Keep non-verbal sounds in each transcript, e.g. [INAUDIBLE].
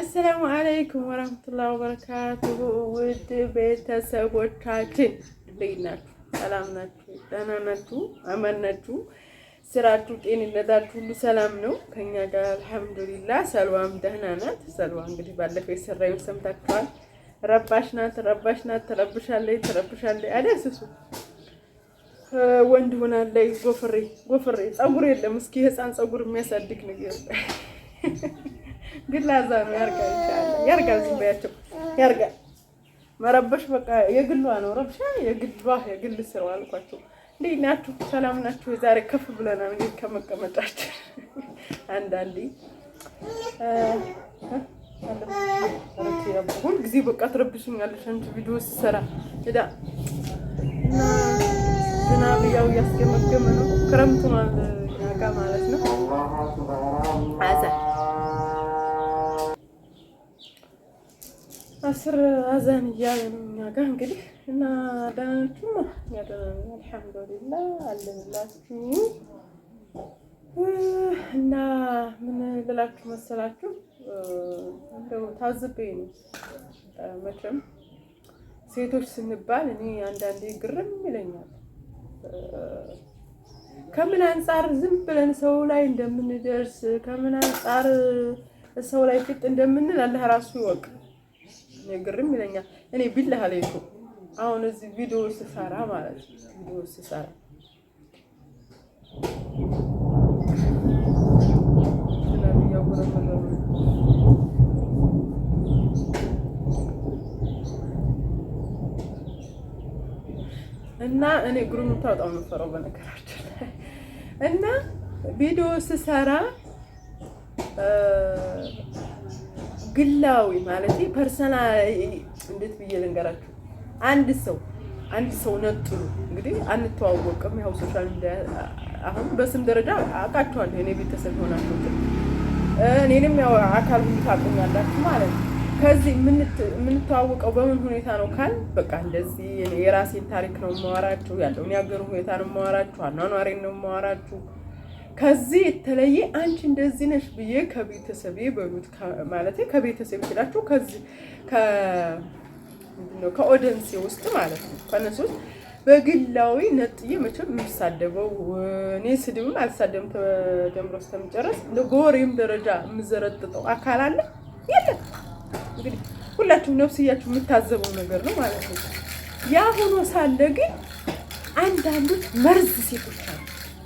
አሰላሙ አለይኩም ወረህመቱላሂ ወበረካቱሁ ውድ ቤተሰቦቻችን እንዴት ናችሁ? ሰላም ናችሁ? ደህና ናችሁ? አማን ናችሁ? ስራችሁ፣ ጤንነታችሁ ሁሉ ሰላም ነው? ከኛ ጋር አልሐምዱሊላህ። ሰልዋም ደህና ናት። ሰልዋ እንግዲህ ባለፈው የሰራዩን ሰምታችኋል። ረባሽ ናት፣ ረባሽ ናት፣ ትረብሻለች፣ ትረብሻለች አይደል? ወንድ ሆናለች። ጎፍሬ ጎፍሬ ፀጉር የለም። እስኪ የህፃን ፀጉር የሚያሳድግ ነገር ግን ላዛ ነው ያርጋ ይቻላል። ያርጋ ዝም በያቸው ያርጋ መረበሽ በቃ የግሏ ነው ረብሻ፣ የግሏ የግል ስራው አልኳቸው። እንዴት ናችሁ? ሰላም ናችሁ? የዛሬ ከፍ ብለናል እንግዲህ ከመቀመጫችን። [LAUGHS] አንዳንዴ ሁል ጊዜ በቃ ትረብሽኛለሽ አንቺ ቪዲዮ ስሰራ እዳ ዝናብ ያው እያስገመገመ ነው ክረምቱን አስር አዛን እያለ ነው እኛ ጋር እንግዲህ እና ደህና ናችሁ? ያደረነው አልሐምዱሊላህ አለንላችሁ። እና ምን ልላችሁ መሰላችሁ እንደው ታዝቤ ነው መቼም ሴቶች ስንባል እኔ አንዳንዴ ግርም ይለኛል። ከምን አንጻር ዝም ብለን ሰው ላይ እንደምንደርስ ከምን አንጻር ሰው ላይ ፍጥ እንደምንል አላህ ራሱ ይወቅ። ግርም ይለኛል። እኔ ቢላህ አለይኩ አሁን እዚህ ቪዲዮ ስሰራ ማለት ነው ቪዲዮ ስሰራ እና እኔ ግሩምታ በጣም የምፈራው በነገራችን ላይ እና ቪዲዮ ስሰራ ግላዊ ማለት ፐርሰናል እንዴት ብዬ ልንገራችሁ? አንድ ሰው አንድ ሰው ነጥሉ እንግዲህ አንተዋወቅም። ያው ሶሻል ሚዲያ አሁን በስም ደረጃ አውቃችኋለሁ። እኔ ቤተሰብ ይሆናችሁ እኔንም ያው አካል ሁሉ ታውቁኛላችሁ ማለት ነው። ከዚህ የምንተዋወቀው በምን ሁኔታ ነው ካል በቃ እንደዚህ የራሴን ታሪክ ነው የማወራችሁ፣ ያለውን የሀገር ሁኔታ ነው የማወራችሁ፣ አኗኗሬን ነው የማወራችሁ ከዚህ የተለየ አንቺ እንደዚህ ነሽ ብዬ ከቤተሰቤ በሉት ማለት ከቤተሰብ ስላችሁ ከዚህ ከኦደንሴ ውስጥ ማለት ነው ከነሱ ውስጥ በግላዊ ነጥዬ መቼም የምሳደበው እኔ ስድብም አልሳደብም። ተጀምሮ እስከሚጨረስ ለጎሬም ደረጃ የምዘረጥጠው አካል አለ የለም። እንግዲህ ሁላችሁም ነፍስያችሁ የምታዘበው ነገር ነው ማለት ነው። ያ ሆኖ ሳለ ግን አንዳንዶች መርዝ ሴቶች አሉ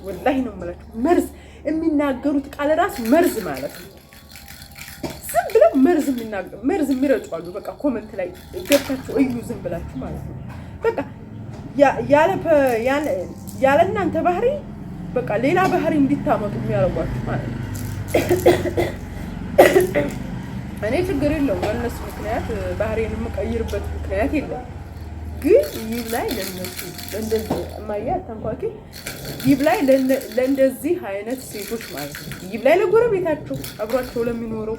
ወላሂ ነው የምላችሁ። መርዝ የሚናገሩት ቃል ራሱ መርዝ ማለት ነው። ዝም ብለው መርዝ መርዝ የሚረጩ አሉ። በቃ ኮመንት ላይ ገብታችሁ እዩ፣ ዝም ብላችሁ ማለት ነው። በቃ ያለ እናንተ ባህሪ በቃ ሌላ ባህሪ እንዲታመጡ የሚያደርጓችሁ ማለት ነው። እኔ ችግር የለውም በእነሱ ምክንያት ባህሬን የምቀይርበት ምክንያት የለም። ግን ይብ ላይ ማያ ተንኳኪ ይብ ላይ ለእንደዚህ አይነት ሴቶች ማለት ነው። ይብ ላይ ለጎረቤታቸው አብሯቸው ለሚኖረው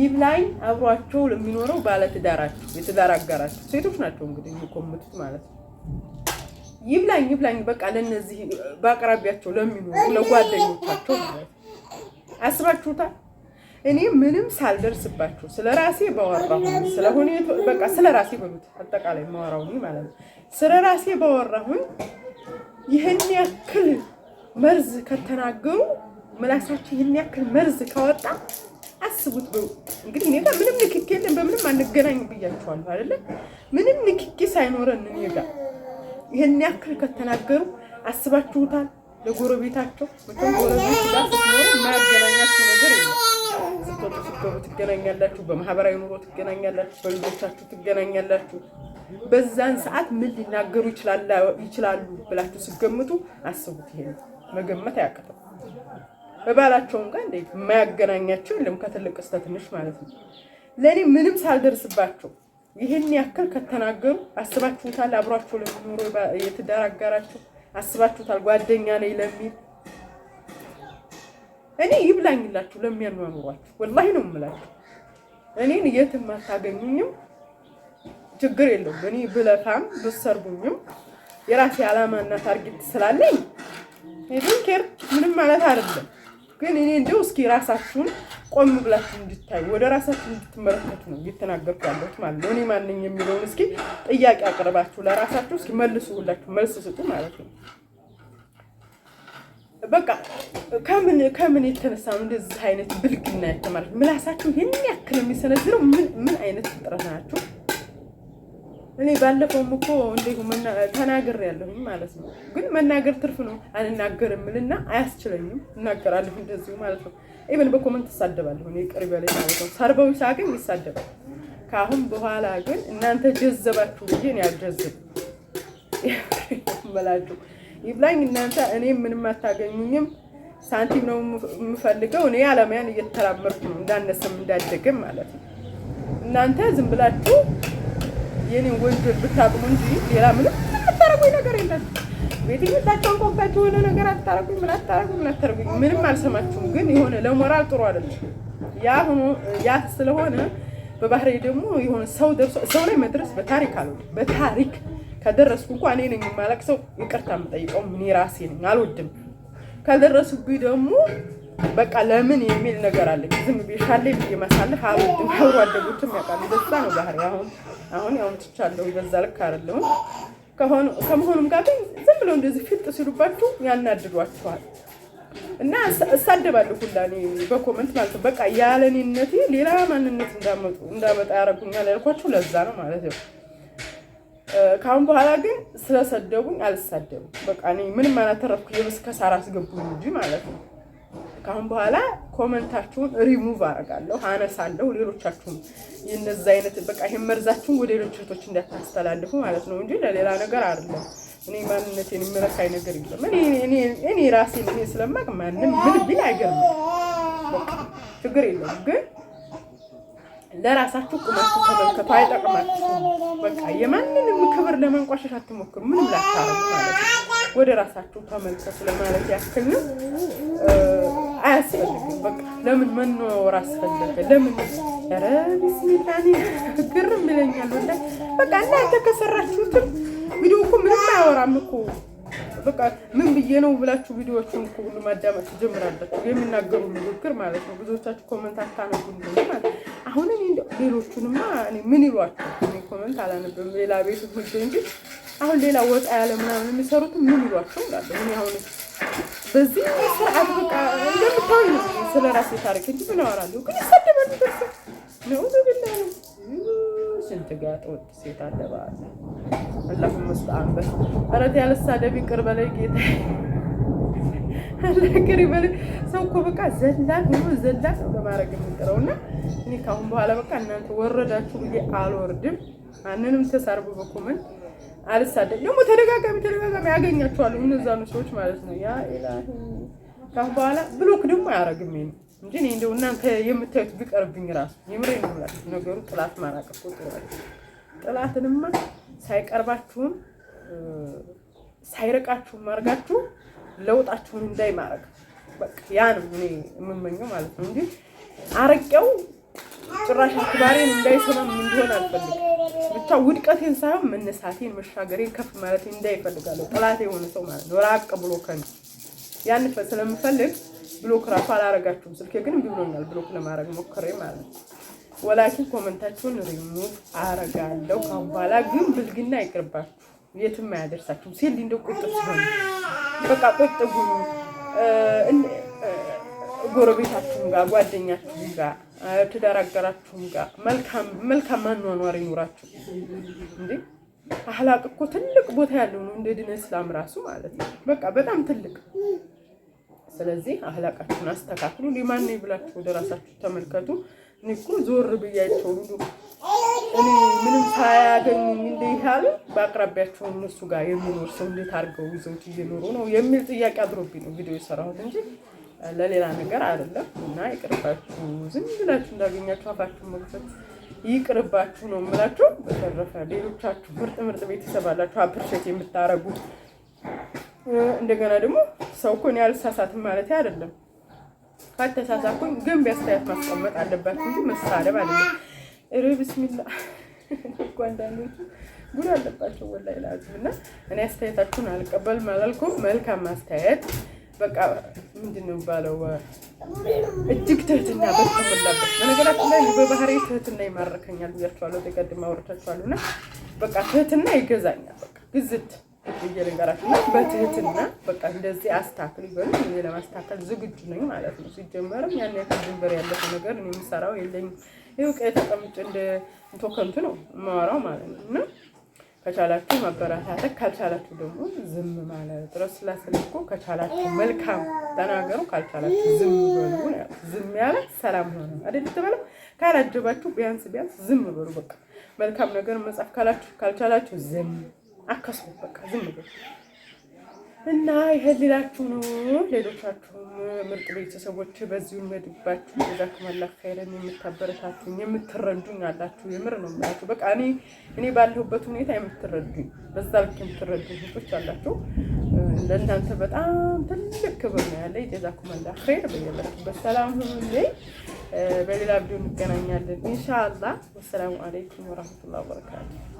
ይብ ላይ አብሯቸው ለሚኖረው ባለትዳራቸው የትዳር አጋራቸው ሴቶች ናቸው እንግዲህ የሚኮምቱት ማለት ነው። ይብላኝ ይብላኝ በቃ ለነዚህ በአቅራቢያቸው ለሚኖሩ ለጓደኞቻቸው ማለት ነው። አስባችሁታል? እኔ ምንም ሳልደርስባችሁ ስለ ራሴ በወራሁኝ ስለ ሁኔቱ በቃ ስለ ራሴ በሉት አጠቃላይ ማወራሁኝ ማለት ነው። ስለ ራሴ በወራሁኝ ይህን ያክል መርዝ ከተናገሩ ምላሳቸው ይህን ያክል መርዝ ካወጣ አስቡት። እንግዲህ እኔ ጋር ምንም ንክኪ የለን፣ በምንም አንገናኝ ብያችኋለሁ አይደለ? ምንም ንክኪ ሳይኖረን እኔ ጋር ይህን ያክል ከተናገሩ አስባችሁታል? ለጎረቤታቸው ጎረቤት ጋር የማያገናኛቸው ነገር የለም። ስትወጡ ስትገቡ ትገናኛላችሁ፣ በማህበራዊ ኑሮ ትገናኛላችሁ፣ በልጆቻችሁ ትገናኛላችሁ። በዛን ሰዓት ምን ሊናገሩ ይችላሉ ብላችሁ ስገምቱ አስቡት። ይሄ መገመት አያቅተው። በባላቸውም ጋር እንደ የማያገናኛቸው የለም ከትልቅ እስከ ትንሽ ማለት ነው። ለእኔ ምንም ሳልደርስባቸው ይህን ያክል ከተናገሩ አስባችሁታል። አብሯቸው ለሚኖሩ የትዳር አጋራችሁ አስባችሁታል። ጓደኛ ነኝ ለሚል እኔ ይብላኝላችሁ ለሚያኗኑሯችሁ፣ ወላሂ ነው የምላችሁ። እኔን የትም አታገኙኝም። ችግር የለውም። እኔ ብለፋም ብሰርጉኝም የራሴ አላማና ታርጌት ስላለኝ ኬር ምንም ማለት አይደለም። ግን እኔ እንደው እስኪ ራሳችሁን ቆም ብላችሁ እንድታዩ ወደ ራሳችሁ እንድትመለከቱ ነው እየተናገርኩ ያለሁት ማለት ነው። እኔ ማንኝ የሚለውን እስኪ ጥያቄ አቅርባችሁ ለራሳችሁ እስኪ መልሱ፣ ሁላችሁ መልስ ስጡ ማለት ነው። በቃ ከምን ከምን የተነሳ ነው እንደዚህ አይነት ብልግና ያስተማራችሁ? ምላሳችሁ ይህን ያክል የሚሰነዝረው ምን ምን አይነት ፍጥረት ናችሁ? እኔ ባለፈውም እኮ እንዲሁ ተናግሬያለሁኝ ማለት ነው። ግን መናገር ትርፍ ነው። አልናገርም እልና አያስችለኝም። እናገራለሁ እንደዚሁ ማለት ነው። ኢቨን በኮመንት እሳደባለሁ። እኔ ቅርብ ላይ ማለት ነው። ሰርበው ሳገኝ ይሳደባል። ከአሁን በኋላ ግን እናንተ ጀዘባችሁ ብዬ እኔ አልጀዘብም [LAUGHS] ይብላኝ እናንተ። እኔ ምንም አታገኙኝም። ሳንቲም ነው የምፈልገው። እኔ አለማያን እየተተራመርኩ ነው እንዳነሰም እንዳደገም ማለት ነው። እናንተ ዝም ብላችሁ የኔ ወንጀል ብታቅሙ እንጂ ሌላ ምንም የምታረጉኝ ነገር የለም። ቤት የመጣቸውን ቆምታችሁ የሆነ ነገር አታረጉኝ፣ ምን አታረጉኝ፣ ምን አታረጉኝ፣ ምንም አልሰማችሁም። ግን የሆነ ለሞራል ጥሩ አይደለም። ያ ሆኖ ያ ስለሆነ በባህሬ ደግሞ የሆነ ሰው ደርሶ ሰው ላይ መድረስ በታሪክ አለ በታሪክ ከደረስኩ እንኳ እኔ ነኝ የማለቅሰው፣ ይቅርታ የምጠይቀው እኔ ራሴ ነኝ። አልወድም። ከደረሱብኝ ደግሞ በቃ ለምን የሚል ነገር አለ። ዝም ቤሻለ ብዬ ማሳለፍ አልወድም። አብሮ አደጎችም ያውቃሉ። በዛ ነው ባህሪ። አሁን አሁን ያሁን ትቻለሁ። በዛ ልክ አይደለሁም። ከመሆኑም ጋር ግን ዝም ብለው እንደዚህ ፍጥ ሲሉባችሁ ያናድዷችኋል። እና እሳደባለሁ ሁላ በኮመንት ማለት ነው። በቃ ያለኔነቴ ሌላ ማንነት እንዳመጡ እንዳመጣ ያደረጉኛል ያልኳቸው ለዛ ነው ማለት ነው። ከአሁን በኋላ ግን ስለሰደቡኝ አልሳደቡም። በቃ እኔ ምንም አላተረፍኩ እስከ ከሳራ አስገቡኝ እንጂ ማለት ነው። ከአሁን በኋላ ኮመንታችሁን ሪሙቭ አረጋለሁ፣ አነሳለሁ። ሌሎቻችሁም የነዛ አይነት በቃ ይሄን መርዛችሁን ወደ ሌሎች እህቶች እንዳታስተላልፉ ማለት ነው እንጂ ለሌላ ነገር አይደለም። እኔ ማንነቴን የሚረካኝ ነገር የለም። እኔ ራሴን እኔ ስለማቅ ማንም ምን ቢል አይገርም፣ ችግር የለም ግን ለራሳችሁ ቁማችሁ ተመልከቱ። አይጠቅማችሁም። በቃ የማንንም ክብር ለማንቋሸሽ አትሞክሩ። ምንም ላታረጉ ማለት ነው። ወደ ራሳችሁ ተመልከቱ ለማለት ያክል ነው። አያስፈልግም። በቃ ለምን መኖር አስፈለገ? ለምን ኧረ ቢስሚላኔ ግርም ይለኛል። ወላሂ በቃ እናንተ ከሰራችሁትም ቪዲዮ እኮ ምንም አያወራም እኮ በቃ ምን ብዬ ነው ብላችሁ ቪዲዮዎችን ሁሉ ማዳመጥ ትጀምራላችሁ። የሚናገሩ ንግግር ማለት ነው። ብዙዎቻችሁ ኮመንት አታነቡም ማለት አሁን እኔ እንደው ሌሎቹንማ ምን ይሏቸው ኮመንት አላነብም ሌላ ቤት ሁሉ እንጂ አሁን ሌላ ወጣ ያለ ምናምን የሚሰሩትን ምን ይሏቸው እላለሁ እኔ አሁን በዚህ ስርዓት በቃ እንደምታዩ ስለ ራሴ ታሪክ እንጂ ምን አወራለሁ ግን ይሰደባል ነው ነው ስንት ጋጥ ወጥ ሴት አለ በዓል አላህ መስጣን በስ አረት ያለሳደብ ይቅር በለይ ጌታ አላህ ይቅር በለይ። ሰው እኮ በቃ ዘላን ሁሉ ዘላን በማድረግ የምንጥረውና እኔ ካሁን በኋላ በቃ እናንተ ወረዳችሁ ብዬ አልወርድም። ማንንም ተሳርቡ በኮመንት አልሳደብ ደግሞ ተደጋጋሚ ተደጋጋሚ ያገኛችኋለሁ እነዛኑ ሰዎች ማለት ነው። ያ ኢላሂ ካሁን በኋላ ብሎክ ደግሞ አያረግም ነው እንጂ እኔ እንደው እናንተ የምታዩት ቢቀርብኝ ራሱ የምሬ ነው የምላችሁ ነገሩ። ጥላት ማራቅ እኮ ጥላትንማ ሳይቀርባችሁም ሳይርቃችሁም አድርጋችሁ ለውጣችሁን እንዳይ ማድረግ በቃ ያ ነው እኔ የምመኘው ማለት ነው እንጂ አረቄው ጭራሽ አክባሬን እንዳይሰማም እንደሆነ አልፈልግም። ብቻ ውድቀቴን ሳይሆን መነሳቴን፣ መሻገሬን፣ ከፍ ማለቴን እንዳይፈልጋለሁ። ጠላት የሆነ ሰው ማለት ነው ራቅ ብሎ ከን ያን ስለምፈልግ ብሎክ ራሱ አላረጋችሁም። ስልኬ ግን እምቢ ብሎኛል። ብሎክ ለማድረግ ሞክሬ ማለት ነው። ወላኪን ኮመንታችሁን ሪሙቭ አረጋለሁ። ካሁን በኋላ ግን ብልግና አይቅርባችሁ፣ የትም አያደርሳችሁም። ሴት እንደ ቁጥር ሲሆን በቃ ቁጥቡ ጉኑ። ጎረቤታችሁም ጋር፣ ጓደኛችሁም ጋር፣ ትዳር አጋራችሁም ጋር መልካም አኗኗር ይኑራችሁ። እንዴ አህላቅ እኮ ትልቅ ቦታ ያለው ነው። እንደ ድነ እስላም ራሱ ማለት ነው። በቃ በጣም ትልቅ ስለዚህ አህላቃችሁን አስተካክሉ። ሊማን ብላችሁ ወደ ራሳችሁ ተመልከቱ። እኔ እኮ ዞር ብያቸው ሁሉ እኔ ምንም ሳያገኙ እንዲህ ያሉ በአቅራቢያቸው እነሱ ጋር የሚኖር ሰው እንዴት አድርገው ይዘውት እየኖሩ ነው የሚል ጥያቄ አድሮብኝ ነው ቪዲዮ የሰራሁት እንጂ ለሌላ ነገር አይደለም። እና ይቅርባችሁ፣ ዝም ብላችሁ እንዳገኛችሁ አፋችሁን መግፈት ይቅርባችሁ ነው የምላችሁ። በተረፈ ሌሎቻችሁ ምርጥ ምርጥ ቤተሰብ አላችሁ አፕሪሼት የምታረጉት እንደገና ደግሞ ሰው እኮ እኔ አልሳሳትም ማለት አይደለም። ካልተሳሳኩኝ ግን ቢያስተያየት ማስቀመጥ አለባት እንጂ መሳደብ አለበት። ኧረ ብስሚላ እኮ አንዳንዶቹ ጉድ አለባቸው። ወላሂ ለአዚም እና እኔ አስተያየታችሁን አልቀበልም አላልኩም። መልካም አስተያየት በቃ ምንድን ነው የሚባለው? እጅግ ትህትና በተሞላበት በነገራችን ላይ በባህሪ ትህትና ይማረከኛል ብያቸዋለሁ። ተቀድማ አውርታችኋል እና በቃ ትህትና ይገዛኛል። በቃ ግዝት ልንገራችሁና በትህትና በቃ እንደዚህ አስታክል ይበሉ። እኔ ለማስታከል ዝግጁ ነኝ ማለት ነው። ሲጀመርም ያን ያክል ድንበር ያለፈ ነገር እኔ የምሰራው የለኝም። ይኸው ቀይ ተቀምጬ እንደ እንቶ ነው የማወራው ማለት ነው። እና ከቻላችሁ ማበረታተት፣ ካልቻላችሁ ደግሞ ዝም ማለት ረስ ስላስልኮ ከቻላችሁ መልካም ተናገሩ፣ ካልቻላችሁ ዝም በሉ። ዝም ያለ ሰላም ሆነ አይደል የተባለው። ካላጀባችሁ ቢያንስ ቢያንስ ዝም በሉ። በቃ መልካም ነገር መጻፍ ካላችሁ ካልቻላችሁ ዝም አከሱ በቃ ዝም ብሎ እና ይሄን ሌላችሁ ነው። ሌሎቻችሁም ምርጥ ቤተሰቦች በዚሁ መድባችሁ ጀዛኩሙላሁ ኸይረን የምታበረታቱኝ የምትረዱኝ አላችሁ። የምር ነው የምላችሁ። በቃ እኔ እኔ ባለሁበት ሁኔታ የምትረዱኝ በዛ ልክ የምትረዱኝ ህቶች አላችሁ። ለእናንተ በጣም ትልቅ ክብር ነው ያለኝ። ጀዛኩሙላሁ ኸይር። በያላችሁበት ሰላም ሁኑልኝ። በሌላ ቪዲዮ እንገናኛለን ኢንሻአላህ። ወሰላሙ አለይኩም ወራህመቱላሂ ወበረካቱ